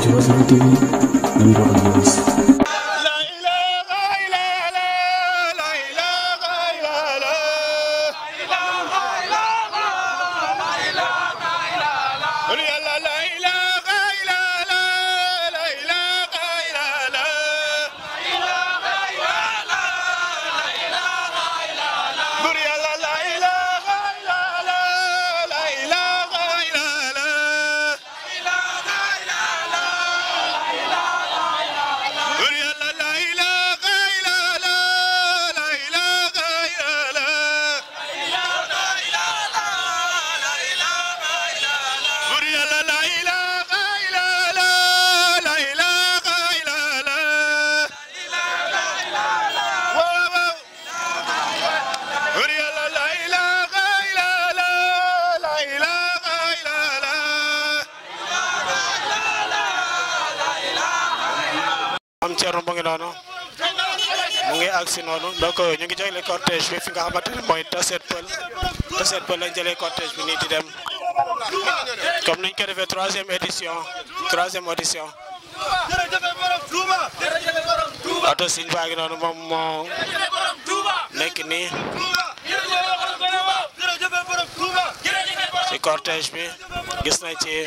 Jewels TV, and Royal Jewels. mu ngi noonu mu ngi agsi noonu donc euh, ñu ngi jëlee cortège bi fi nga xamante ne mooy Tasset Pël Tasset Pël lañ jëlee cortège bi nii di dem comme niñ ko defee troisième édition troisième audition oto siñ baa noonu moom moo nekk nii ci cortège bi gis na ci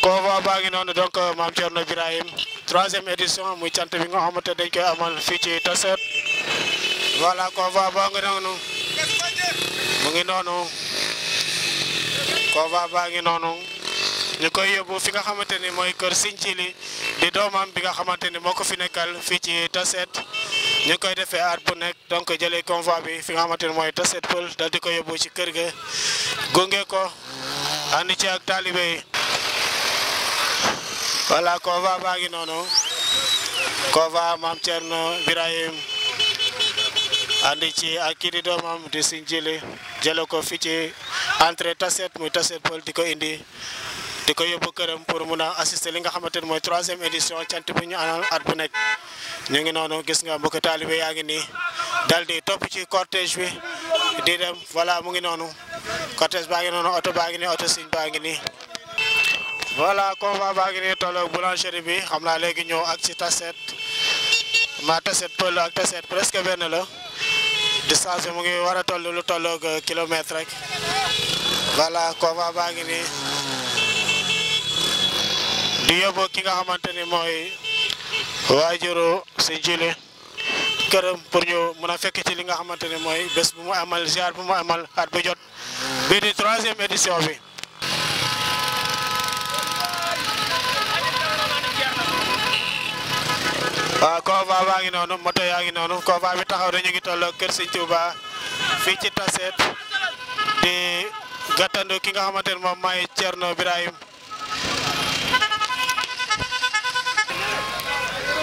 convoi baa ngi noonu donc maam Thierno Birahim troisième édition muy cant bi nga xamante dañ koy amal fii ci Tassette voilà convoi baa ngi noonu mu ngi noonu convoi baa ngi noonu ñu koy yóbbu fi nga xamante ni mooy kër siñ Sinthiili di doomam bi nga xamante ni moo ko fi nekkal fii ci Tassette ñu koy defee at bu nekk donc jëlee convoi bi fi nga xamante ni mooy Tassette Peulh dal di ko yóbbu ci kër ga gunge ko ànd ci ak taalibe voilà Kova baa ngi noonu Kova maam Thierno Birahim andi ci ak kii di doomam di Sine Djily jële ko fii ci entrée Tassette muy Tassette Peulh di ko indi di ko yóbbu këram pour mun a assister li nga xamante ne mooy troisième édition cant bi ñu anal at bu nekk ñu ngi noonu gis nga mbokk taalibe yaa ngi nii dal di topp ci cortège bi di dem voilà mu ngi noonu cortège baa ngi noonu oto baa ngi nii oto Sine baa ngi nii. voilà convoi baa ngi nii tolloog boulangerie bi xam naa léegi ñëw ak ci taset ma taset pël ak taset presque benn la distance bi mu ngi war a toll lu tolloog kilomètre rek voilà convoi baa ngi nii di yóbbu ki nga xamante ni mooy waajuru si jili këram pour ñu mën a fekk ci li nga xamante ni mooy bés bu mu amal ziar bu mu amal at bu jot bii di troisième bi waaw ah, convoi baa ngi noonu moto yaa ngi noonu convoi bi taxaw na ñu ngi tolloo Kër Sëñ Tuuba fii ci Tassette di gàttandu ki nga xamante ne moom mooy Thierno Birahim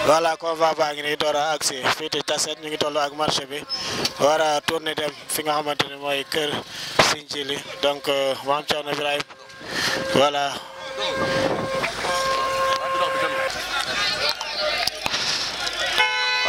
voilà convoi baa ngi nii door a agsi fii ci Tassette ñu ngi tolloo ak marché bi war a dem fi nga xamante ne mooy Kër Sëñ Jili donc euh, maam Thierno Birahim voilà.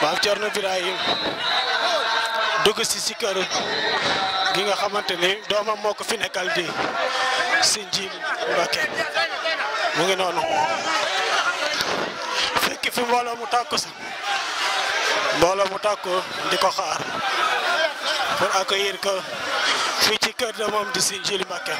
maam na Birahim dugg si si kër gi nga xamante ni doomam moo ko fi nekkal di si njiil Mbàkke mu ngi noonu fekk fi mbooloo mu tàkku si mbooloo mu tàkku di ko xaar pour accueillir ko fii ci kër de moom di si njiil Mbàkke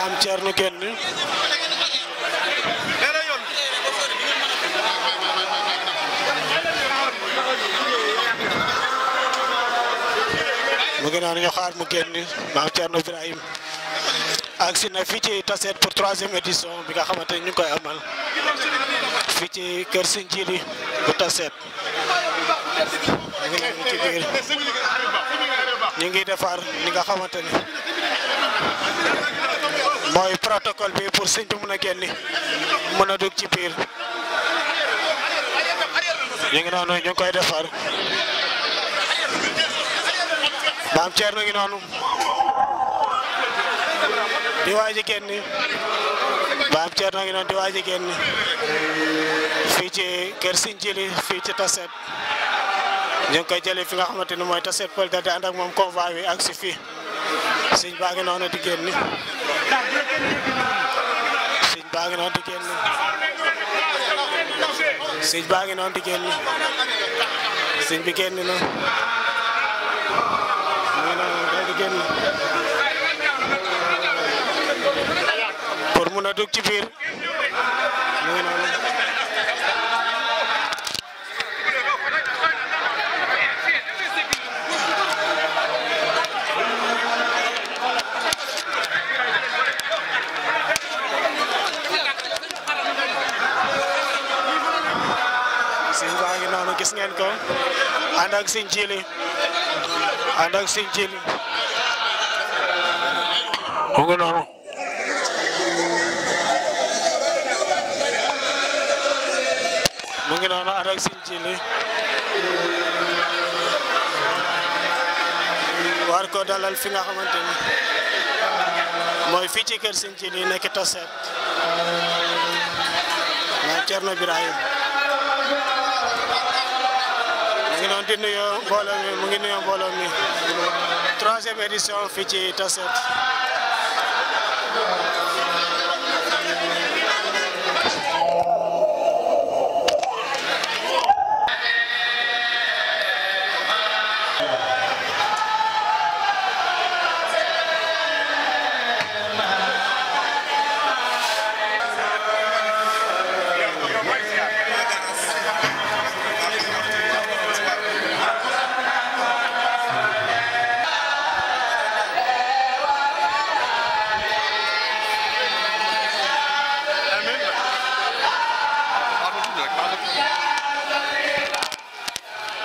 maam Thierno génn mu ngi naan ñu xaar mu génn maam Thierno Ibrahim agsi na fii ci Tassette pour troisième édition bi nga xamante ni ñu ngi koy amal fii ci kër Sëñ Jili bu Tassette ñu ngi defar li nga xamante ni tokol bi pour sëñ bi mën a génn mën a dugg ci biir ñu ngi noonu ñu ngi koy defar maam Thierno ngi noonu di waaj a génn maam ngi noonu di waaj a génn fii ci kër Sëñ Jili fii ci taset ñu ngi koy jëlee fi nga xamante ni mooy Tasset Pël daal di ànd ak moom convoi ak si fii. sëñ baa ngi noonu di génn sëñ baa ngi noonu di génn sëñ baa ngi noonu di génn sëñ bi génn na pour mun a dugg ci biir mu ngi noonu Ciss baa ngi gis ngeen ko ànd ak Serigne Djily ànd ak Serigne Djily mu ngi noonu mu ngi noonu ànd ak Serigne Djily war ko dalal fi nga ci Tosset Cerno Birahim di nuyoo mu ngi nuyoo mbooloo mi troisième édition fii ci Tassette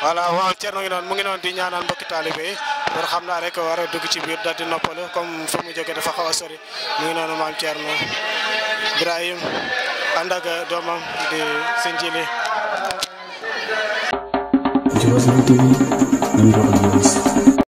voilà waaw Thierno ngi noonu mu ngi noonu di ñaanal mbokki taalibe yi pour xam naa rek war a dugg ci biir daal di noppalu comme fa mu jóge dafa xaw a sori mu ngi noonu maam Thierno Ibrahim ànd ak doomam di sëñ Jili